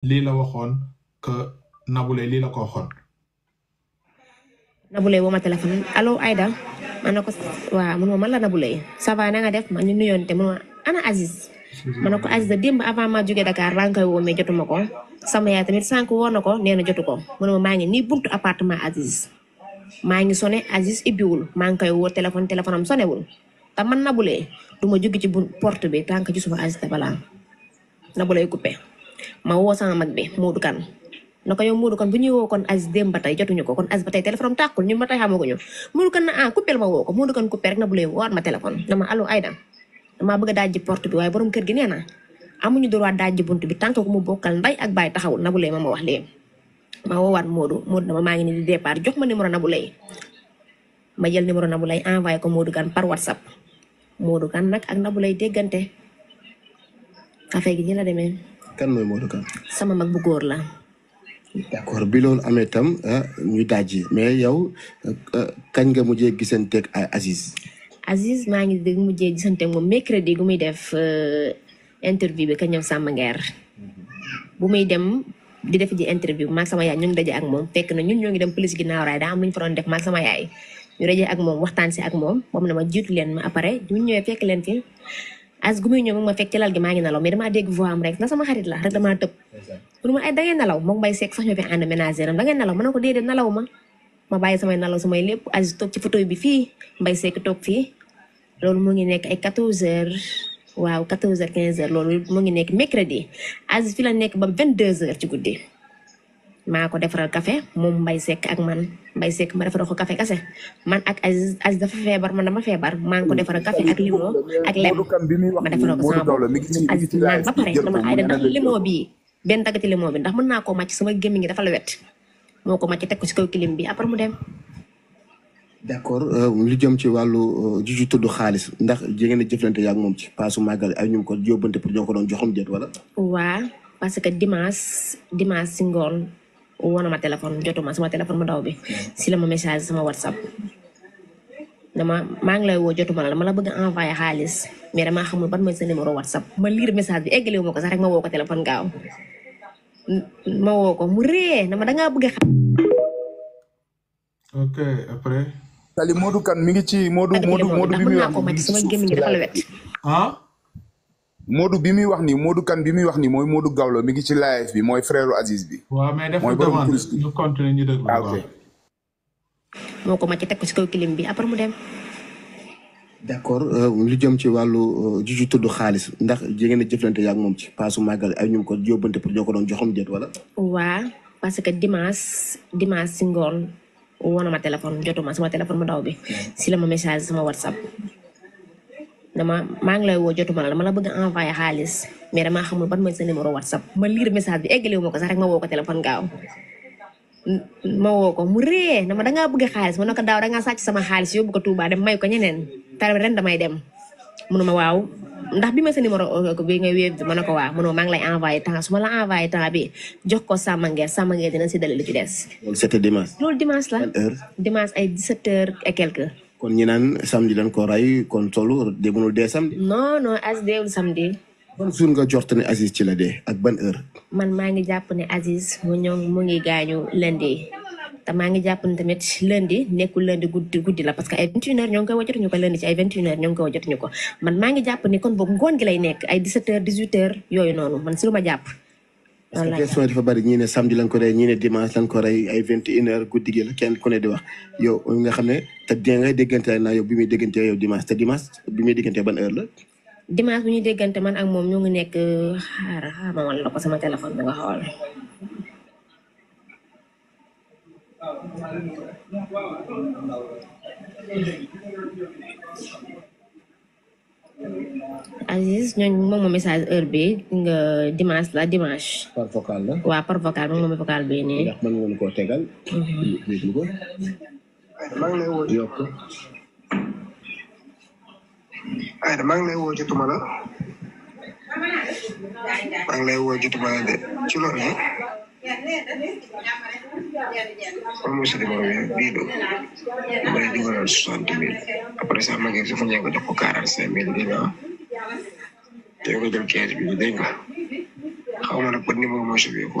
lii la waxoon que Naboulaye lii la ko waxoon. Naboulaye woo ma téléphone allo Aïda ma ne man ma man la Naboulaye ça va na nga def ma ñu nuyoon te ma ana Aziz. ma ne ko Aziz démb avant ma jógee Dakar laa nga koy woo mais jotu ko sama yaay tamit sànq woo na ko nee na jotu ko ma ne ma maa ngi nii buntu appartement Aziz maa ngi sonné Aziz ibbiwul maa ngi koy woo téléphone téléphone am sonné wul te man Naboulaye du ma jóge ci bu porte bi tànk gisuma Aziz balaa Naboulaye coupé. ma woo sama mag bi Modou Kane na ko yow Modou Kane bu ñuy woo kon Aziz démb ba tey jotuñu ko kon Aziz ba tey téléphone am tàkkul ñu Modou Kane na ah ko Modou Kane coupé rek na bu lay woowaat ma téléphone dama allo Aïda bëgg a dajji porte bi waaye borom kër gi nee na amuñu droit dajji bunt bi tant que mu bokkal nday ak baay taxawul na bu ma ma wax léegi ma woowaat Modou Modou dama maa ngi nii di jox ma numéro na bu lay ma jël numéro na bu lay envoyé ko Modou Kane par WhatsApp Modou Kane nag ak na bu lay déggante affaire gi ñu la demee kan mooy Modou Ka. sama mag bu góor la. d' accord bi loolu amee tam ah, ñu dajji mais yow ah, kañ nga mujjee gisanteeg Aziz. Aziz maa ngi dégg mujjee gisanteeg moom mercredi gu muy def euh, interview bi ka ñëw Samba Nguer bu muy dem di def ji interview maag sama yaay ñu ngi ak moom fekk na ñun ñoo ngi dem police ginnaaw raay daa am lu ñu def maag sama yaay ñu daje ak moom waxtaan si ak moom moom na ma jiitu leen ma après ñu ñëwee fekk leen fi. as gu muy ñëw ma fekk ci lal gi maa ngi nelaw mais damaa dégg voix am rek na sama xarit la rek damaa tëb munu ma ay da ngeen nelaw moom Mbaye Seck sax ñoo fi ànd ménager am da ma ne ko déedéet ma bàyyi samay nalaw samay lépp Aziz toog ci fauteuil bi fii Mbaye Seck toog fii loolu moo ngi nekk ay 14 heures waaw 14 heures loolu mu ngi nekk mercredi Aziz fi la nekk ba 22 heures ci guddi maa ko defaral café moom Mbaye sekk ak man Mbaye sekk ma defaral ko café kase man ak Aziz Aziz dafa feebar man dama feebar maa ngi ko defaree café ak limon ak lem ma defaral ko sama bopp Aziz naan ba pare dama benn daggati limon bi ndax mën naa koo màcc sama gémmiñ ngi dafa la wet moo ko màcc teg ko ci kaw kilim bi après mu dem d'accord euh, lu jëm ci wàllu euh, ju tudd xaalis ndax jigéen a jëflante yaag moom ci paasu màggal ay ñu ko yóbbante pour ñoo ko doon joxam jët wala waa parce que dimanche dimanche si ngoon woon ma téléphone jotuma sama téléphone bu ndaw bi si la ma message sama whatsapp dama maa ngi lay woo jotuma la ma la bëgg envoyé xaalis mais damaa xamul ban mooy sa numéro whatsapp ma liir message bi eggale wu ma ko sax rek ma woo ko téléphone gaaw ma mu ree dama da ngaa bëgg a xam. ok après. Salim Modou kan mi ngi ci Modou ah. Modou bi muy wax nii moodu kan bi muy wax nii mooy Modou Gawlo mi ngi ci live bi mooy frère Aziz bi. waaw mais def demande ñu continuer ñu déglu waaw ah, ok. ko màcc teg ko ci kaw kilim bi après mu dem. d' accord euh, lu jëm ci wàllu euh, ji ci tudd xaalis ndax jigéen a jëflante yaa moom ci paasu màggal ay ñu ko yóbbante pour ñoo ko doon joxam jët wala. waa parce que dimanche dimanche si ngoon woon na ma téléphone jotuma sama téléphone mu daw bi hmm. si la ma message sama whatsapp. dama maa ngi lay woo jotuma la ma la bëgg envoyé xaalis mais damaa xamul ban mooy sa numéro whatsapp ma lire message bi eggalewu ma ko rek ma woo ko téléphone ma woo ko mu ree na ma dangaa bëgg xaalis ma ne ko daaw dangaa sàcc sama xaalis yóbbu ko Touba dem may ko ñeneen ren damay dem munuma waaw ndax bi ma sa numéro euh, bi ngay wéb bi ma ne waa waaw munuma maa ngi lay envoyé temps su ma la envoyé temps bi jox ko Sàmmangeer Sàmmangeer dina si dale lu ci des. loolu c'était dimanche. loolu dimanche la dimanche ay 17 heures et quelques. kon ñi naan samedi lañ ko ray kon tollu dee mënul dee samedi. non non Aziz deewul samedi. ban jour nga jort ne Aziz ci la dee ak ban heure. man maa ngi jàpp ne Aziz mu ñëw mu ngi gaañu lundi te maa ngi jàpp ne tamit lundi nekkul lundi guddi guddi la parce que ay 21h ñoo ngi koy wajotuñu ko lundi ci ay 21h ñoo ngi koy wajotuñu ko man maa ngi jàpp ni kon boobu ngoon gi lay nekk ay 17h yooyu noonu man si lu jàpp. parce que question dafa bari ñii ne samedi ne dimanche lañ ko rey ay vingt et une heures guddi gi la kenn ku di wax yow nga xam ne te dee ngay déggante naa yow bi muy déggante yow dimanche te dimanche bi muy déggante ban heure la. dimanche bu ñuy déggante man ak moom ñu ngi nekk xaaral xaaral ma la ko sama téléphone bi xool. Aziz ñooñu moom moo message heure bi nga dimanche la dimanche. par vocal la waaw par vocal moom mooy vocal bi nii. ndax mën ngeen koo tegal. Mhm. déglu ko. maa ngi lay woo yokk. Aïda maa ngi lay woo jotuma la. maa ci loolu ne. kon mooy sa numéro bii do damay dugalal soixante après sax ma ngi si fu ñu ko jox ko cinq mille dinaa. te ko jëm bi dégg nga xaw ma nag ni moom xam ko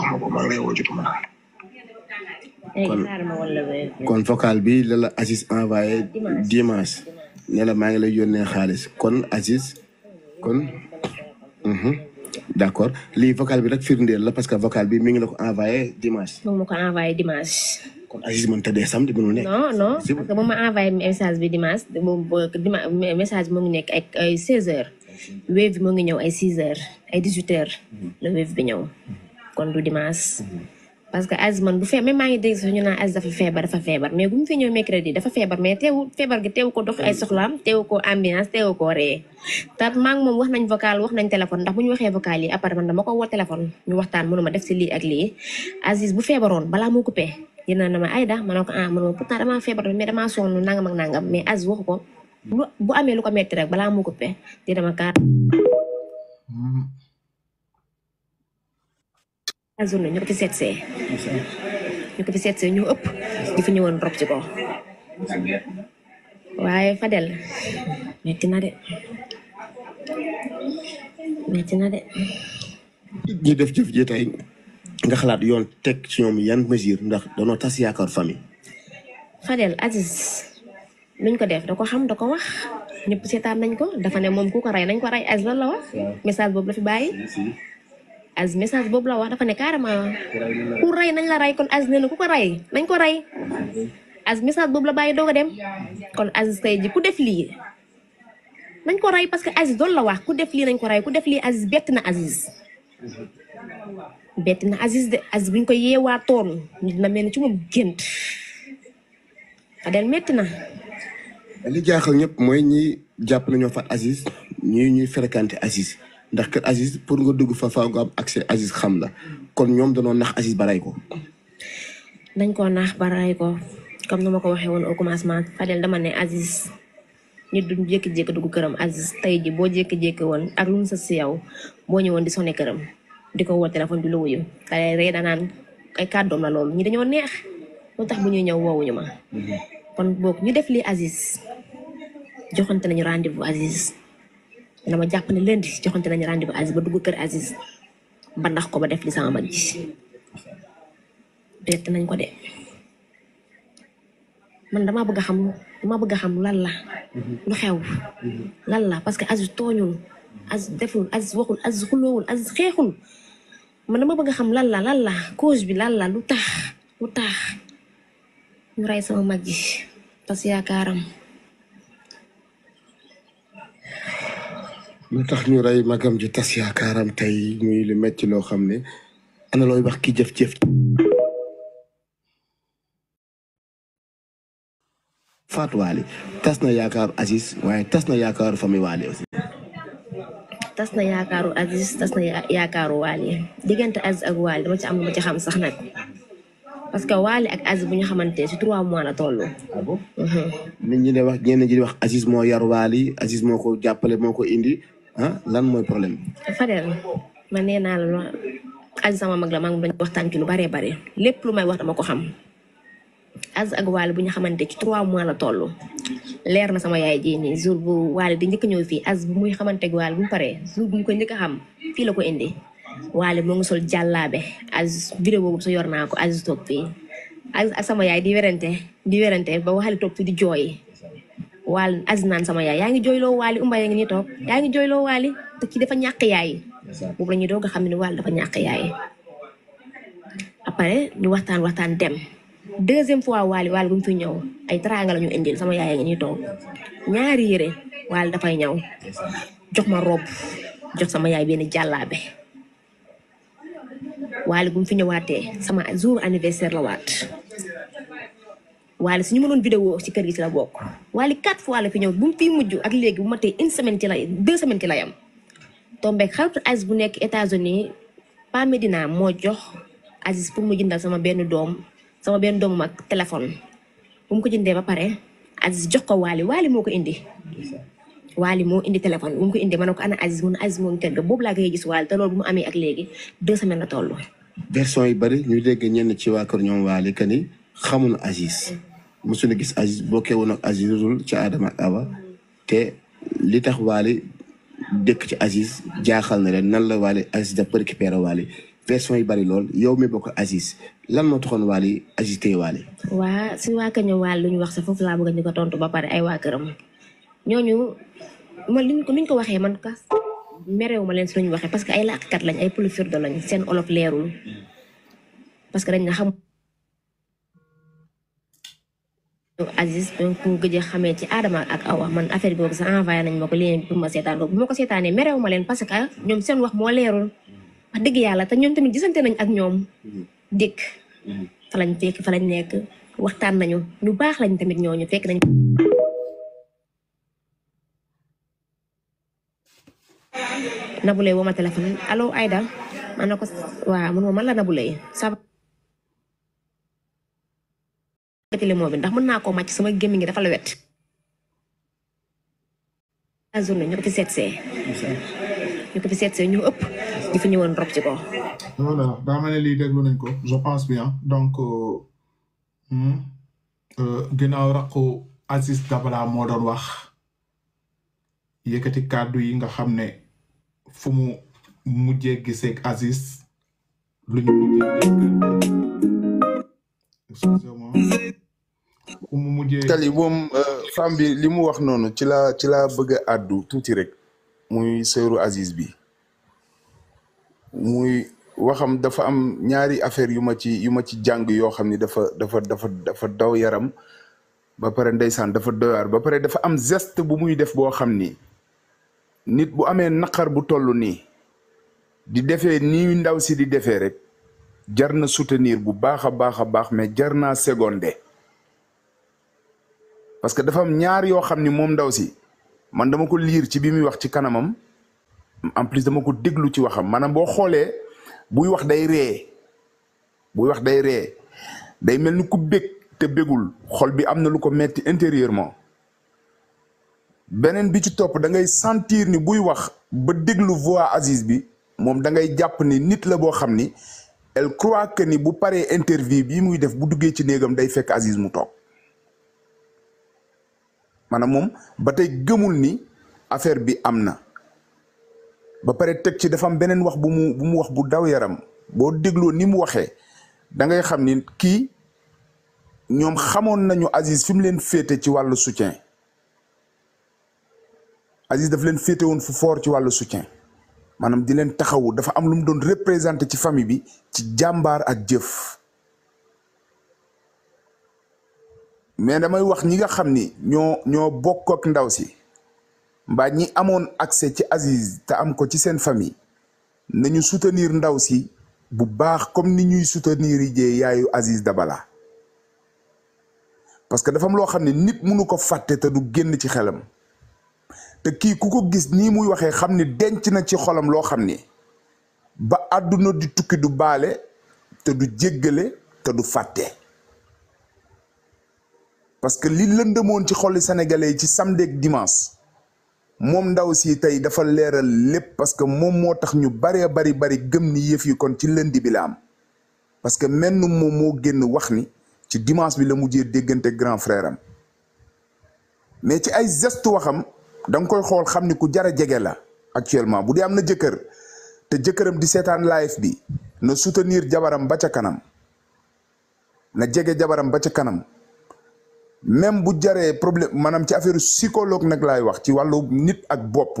kon kon bi la la envoyé dimanche ne la maa ngi lay yónnee xaalis kon Aziz kon. Mhm, d' accord lii vocal bi rek firndeel la parce que vocal bi mi ngi la ko envoyé dimanche. moom ma ko envoyé dimanche. kon Aziz nekk. moom ma envoyé message bi dimanche moom message bi mu ngi nekk ay 16 Mm-hmm. wave bi moo ngi ñëw ay 6 heures ay 18 mm-hmm. la wave bi ñëw mm-hmm. kon du dimanche. parce que Aziz man bu fee même maa ngi dégg sax ñu naan Aziz dafa feebar dafa feebar mais bu mu fi ñëw mercredi dafa mais teewu feebar gi teewu ko dox ay soxlaam teewu ko ambiance teewu ko ree tat wax nañ vocal wax nañ téléphone ndax ñu waxee vocal yi après man dama ko woo téléphone ñu waxtaan mënu ma def si lii ak lii Aziz bu feebaroon balaa moo coupé dina na ma ay da ma ne ko ah mënu ma feebar mais damaa sonn nangam ak nangam mais Aziz waxu ko bu amee lu ko metti rek balaa mu coupé di dama kaar azurna ñu ñu ko fi seet ñu ëpp di fi ñëwoon ci ko waaye Fadel metti na de metti na de ñi def jëf nga xalaat yoon teg ci ñoom yan mesure ndax danoo tas yaakaar famille Fadel Aziz luñ ko def da ko xam da ko wax ñëpp seetaan nañ ko dafa ne moom ku ko rey nañ ko rey as lan la wax message boobu la fi bàyyi message boobu la wax dafa ne carrément ku rey nañ la rey kon as nee na ku ko rey nañ ko rey as message boobu la bàyyi doog a dem kon as tey ji ku def lii nañ ko rey parce que Aziz doon la wax ku def lii nañ ko rey ku def lii Aziz bett na Aziz bett na Aziz de Aziz buñ ko yeewaatoon dina mel ni ci moom gént Adel metti na li jaaxal ñëpp mooy ñi jàpp nañoo faat Aziz ñii ñuy fréquenté Aziz ndax kër Aziz pour nga dugg fa faaw nga am accès Aziz xam la kon ñoom danoo nax Aziz baray ko. dañ koo naax baray ko comme nu ma ko waxee woon au commencement Fadel dama ne Aziz nit duñ jékki-jékki dugg këram Aziz tey ji boo jékki-jékki woon ak lu mu sës si yow boo ñëwoon di sonné këram di ko woo téléphone bi lu wuyu Fadel ree danaan ay kàddoom la loolu ñi dañoo neex lu tax bu ñuy ñëw woowuñu ma. Mhm. kon boog ñu def lii Aziz joxante nañu rendez-vous Aziz dama jàpp ne lundi joxante nañu rendez-vous Aziz ba dugg kër Aziz ba ndax ko ba def li sama mag ji bett nañ ko de man damaa bëgg a xam damaa bëgg a xam lan la lu xew lan la parce que Aziz tooñul Aziz deful Aziz waxul Aziz xuloowul Aziz xeexul man dama bëgg a xam lan la lan la cause bi lan la lu tax lu tax ñu sama mag ji tas yaakaaram lu tax ñu rey magam ji tas yaakaaram tey muy lu metti loo xam ne ana looy wax ki jëf-jëf Fatou Waly tas na yaakaaru asis waaye tas na yaakaaru famille Waly aussi na yaakaaru Aziz tas na yaakaaru Waly diggante Aziz ak Waly dama ci am lu ma xam sax nag parce que Wally ak Aziz bu ñu xamante ci trois mois la toll. Ah mhm. nit ñi wax ñenn ñi di wax Aziz moo yar Wally Aziz moo ko jàppale moo ko indi ah, mooy problème bi. Fadel nee naa la lu Aziz la maa ngi doon waxtaan lu baree bare lépp lu may wax dama ko xam Aziz ak Wally bu ñu xamante ci trois mois la toll. leer na sama yaay jii nii jour bu Wally di njëkk ñëw fii Aziz bu muy xamante ak Wally paree jour bu mu ko njëkk a xam fii la ko indi. waale moo ngi sol jàllaabe Aziz vidéo boobu sa yor naa ko Aziz toog fii sama yaay di werante di werante ba waxale toog fii di jooy waale Aziz naan sama yaay yaa ngi jooyloo waali umba yaa ngi nii toog yaa ngi jooyloo waali te kii dafa ñàkk yaay boobu lañuy doog a xam ne waale dafa ñàkk yaay après ñu waxtaan waxtaan dem deuxième fois waali waali bu fi ñëw ay teraanga la ñu indil sama yaay ngi nii toog ñaari yére waali dafay ñëw jox ma rob jox sama yaay benn jàllaabe waale bu mu fi ñëwaatee sama jour anniversaire la waat waale si ñu mënoon vidéo ci kër gi ci la bokk waale quatre fois la fi ñëw bu mu fiy mujj ak léegi bu ma tee une la deux semaines ci la yam tombeek xaritu bu nekk États-Unis Pa moo jox Aziz pour mu jëndal sama benn doom sama benn doomu mag téléphone bu mu ko jëndee ba pare Aziz jox ko waale waale moo ko indi waali moo indi téléphone bu mu ko indi ma ne ko ana Aziz mun Aziz moo ngi tëdd boobu laa koy gis waali te loolu bu mu amee ak léegi deux semaines la toll version yi bari ñu dégg ñenn ci waa kër ñoom waali que ni xamuñu Aziz mosuñu gis Aziz bokkee woon ak Aziz dul ci Adama Awa te li tax waali dëkk ci Aziz jaaxal na leen nan la waali Aziz daf ko récupéré waali version yi bari lool yow mi bokk Aziz lan moo taxoon waali Aziz tey waali. waa si waa kër ñoom waali wax sa foofu laa bëgg ñu ko tontu ba pare ay waa këram ñooñu luñ ko waxee man kas merew ma leen suñu waxee parce que ay laaqkat lañ ay pulifirde lañ seen olof leerul parce que dañ na xam Aziz ku gëj a xamee ci Adama ak Awa man affaire bi boobu sax envoyé nañ ma ko lien bi ma seetaan ko bu ma ko seetaanee merew ma leen parce que ñoom seen wax moo leerul wax dëgg yàlla te ñoom tamit gisante nañ ak ñoom dikk mm-hmm. fa lañ fekk fa lañ nekk waxtaan nañu lu baax lañ tamit ñooñu fekk nañ Nabou Leye woo ma téléphone allo Aïda ma ne ko waaw man ma a la Nabou Leye sa moo bi ndax mën naa koo màcc sama gémmi ngi dafa la wet a journée ñu ko fi seet ñu ko fi seet see ñu ëpp ñu fi ci ko voilà daa mel ne lii déglu nañ ko je pense bien donc euh, hmm, euh, ginnaaw raqu Aziz Dabala moo doon wax yëkkati kàddu yi nga xam ne fu mu mujjee giseek Aziz lu ñu mujjee dégg fu mu tali moom euh, femme bi li mu wax noonu ci la ci laa bëgg àddu tuuti rek muy sëru Aziz bi muy waxam dafa am ñaari affaire yu ma ci yu ma ci jàng yoo xam ni dafa dafa dafa dafa daw yaram ba pare ndeysaan dafa doyaar ba pare dafa am geste bu muy def boo xam ni nit bu amee naqar bu toll nii di defee nii ndaw si di defee rek jar na soutenir bu baax a baax a baax mais jar naa seconder parce que dafa am ñaar yoo xam ni moom ndaw si man dama ko liir ci bi muy wax ci kanamam en plus dama ko déglu ci waxam maanaam boo xoolee buy wax day ree buy wax day ree day mel ni ku bég te bégul xol bi am na lu ko metti intérieurement beneen bi ci topp da ngay sentir ni buy wax ba déglu voix Aziz bi moom da ngay jàpp ni nit la boo xam ni elle croit que ni bu paree interview bi muy def bu duggee ci néegam day fekk Aziz mu toog maanaam moom ba tey gëmul ni affaire bi am na ba pare teg ci dafa beneen wax bu mu mu wax bu daw yaram boo dégloo ni mu waxee da ngay xam ni kii ñoom xamoon nañu Aziz fi mu leen féete ci wàllu soutien Aziz dafa leen féete woon fu foor ci wàllu soutien maanaam di leen taxawu dafa am lu mu doon représenté ci famille bi ci jàmbaar ak jëf mais damay wax ñi nga xam ni ñoo ñoo bokk ak ndaw si mbaa ñi amoon accès ci Aziz te am ko ci seen famille nañu soutenir ndaw si bu baax comme ni ñuy soutenir yi jee yaayu Aziz Dabala parce que dafa am loo xam ne nit mënu ko fàtte te du génn ci xelam te kii ku ko gis nii muy waxee xam ni denc na ci xolam loo xam ni ba àdduna di tukki du baale te du jéggale te du fàtte parce que li lëndëmoon ci xoli sénégalais yi ci samedi ak dimanche moom ndaw si tey dafa leeral lépp parce que moom moo tax ñu baree bari bari gëm ni yëf yi kon ci lëndi bi la am parce que menn moom moo génn wax ni ci dimanche bi la mujjee déggante grand frère mais ci ay gestu waxam da nga koy xool xam ni ku jar a jege la actuellement bu dee am na jëkkër te jëkkëram di seetaan live bi na soutenir jabaram ba ca kanam na jege jabaram ba ca kanam même bu jaree problème maanaam ci affaire psychologue nag laay wax ci wàllu nit ak bopp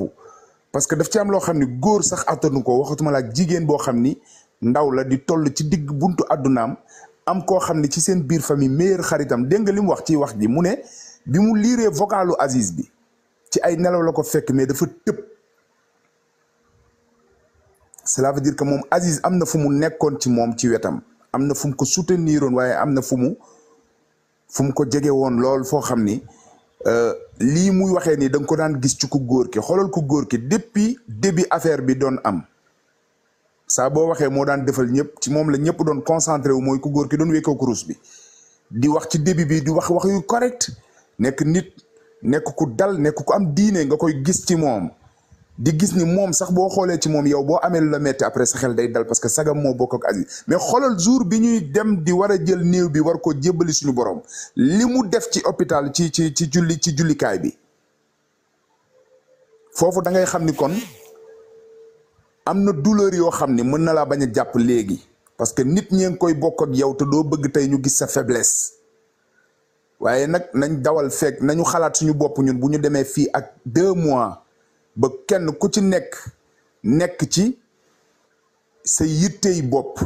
parce que daf ci am loo xam ni góor sax attanu ko waxatuma la ak jigéen boo xam ni ndaw la di toll ci digg buntu àddunaam am koo xam ni ci seen biir famille meilleur xaritam dégg nga li mu wax ci wax ji mu ne bi mu liiree vocalu Aziz bi ci ay nelaw la ko fekk mais dafa tëb la veut dire que moom Aziz am na fu mu nekkoon ci moom ci wetam am na fu ko soutenir waaye am na fu mu fu ko jege woon lool foo xam ni euh, lii muy waxee ni danga ko daan gis ci ku góor ki xoolal ku góor ki depuis début affaire bi doon am saa boo waxee moo daan defal ñëpp ci moom la ñëpp doon concentré wu mooy ku góor ki doon wekkoo kurus bi di wax ci début bi di wax wax yu correct nekk nit. nekk ku dal nekk ku am diine nga koy gis ci moom di gis ni moom sax boo xoolee ci moom yow boo amee la metti après sa xel day dal parce que sagam moo bokk ak Aziz mais xoolal jour bi ñuy dem di war a jël néew bi war koo jébbali suñu borom li mu def ci hôpital ci ci ci julli ci jullikaay bi foofu da ngay xam ni kon am na douleur yoo xam ni mën na laa bañ a jàpp léegi parce que nit ñee ngi koy bokk ak yow te doo bëgg tey ñu gis sa faiblesse waaye nag nañ dawal fekk nañu xalaat suñu bopp ñun bu ñu demee fii ak deux mois ba kenn ku ci nekk nekk ci sa yittey bopp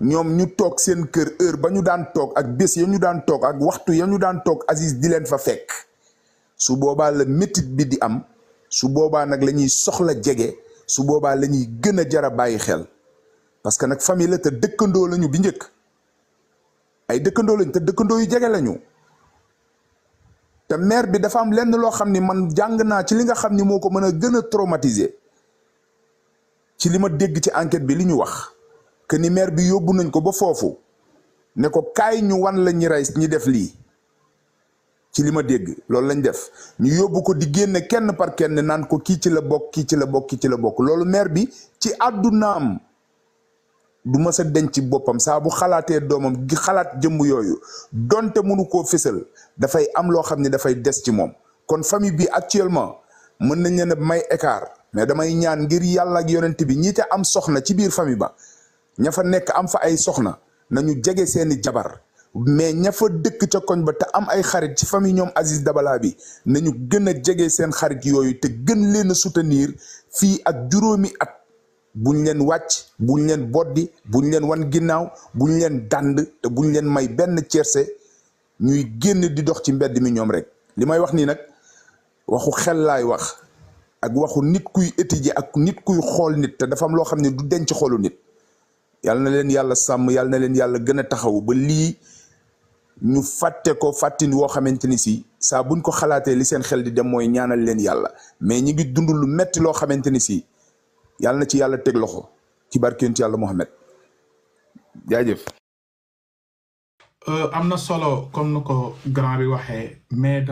ñoom ñu toog seen kër heure ba ñu daan toog ak bés ya ñu daan toog ak waxtu ya ñu daan toog Aziz di leen fa fekk su boobaa la métit bi di am su boobaa nag la ñuy soxla jege su boobaa la ñuy gën a jar bàyyi xel parce que nag famille la te dëkkandoo lañu bi njëkk ay dëkkandoo lañu te dëkkandoo yu jege lañu te maire bi dafa am lenn loo xam ni man jàng naa ci li nga xam ni moo ko mën a gën a traumatiser ci li ma dégg ci enquête bi li ñu wax que ni maire bi yóbbu nañ ko ba foofu ne ko kaay ñu wan la rey ñi def lii ci li ma dégg loolu lañ def ñu yóbbu ko di génne kenn par kenn naan ko kii ci la bokk kii ci la bokk ci la bokk loolu maire bi ci àddunaam du mës a denc boppam saa bu xalaatee doomam gi xalaat jëmm yooyu donte mënu koo fësal dafay am loo xam ne dafay des ci moom kon famille bi actuellement mën nañ leen a may écart mais damay ñaan ngir yàlla ak yonent bi ñi te am soxna ci biir famille ba ña fa nekk am fa ay soxna nañu jege seeni jabar mais ña fa dëkk ca koñ ba te am ay xarit ci famille ñoom Aziz Dabala bi nañu gën a jege seen xarit yooyu te gën leen a soutenir fii ak juróomi at buñ leen wàcc bu buñ leen boddi buñ leen wan ginnaaw buñ leen dànd te buñ leen may benn cerse ñuy génn di dox ci mbedd mi ñoom rek li may wax nii nag waxu xel laay wax ak waxu nit kuy étudier ak nit kuy xool nit te dafa am loo xam ne du denc xoolu nit yàlla na leen yàlla sàmm yàlla na leen yàlla gën a taxaw ba lii ñu fàtte ko fàttin woo xamante ni si saa buñ ko xalaatee li seen xel di dem mooy ñaanal leen yàlla mais ñi ngi dund lu metti loo xamante ni si yàlla na ci yàlla teg loxo ci barkent yàlla Mohamed jaajëf. Euh, am na solo comme nu ko grand bi waxee mais.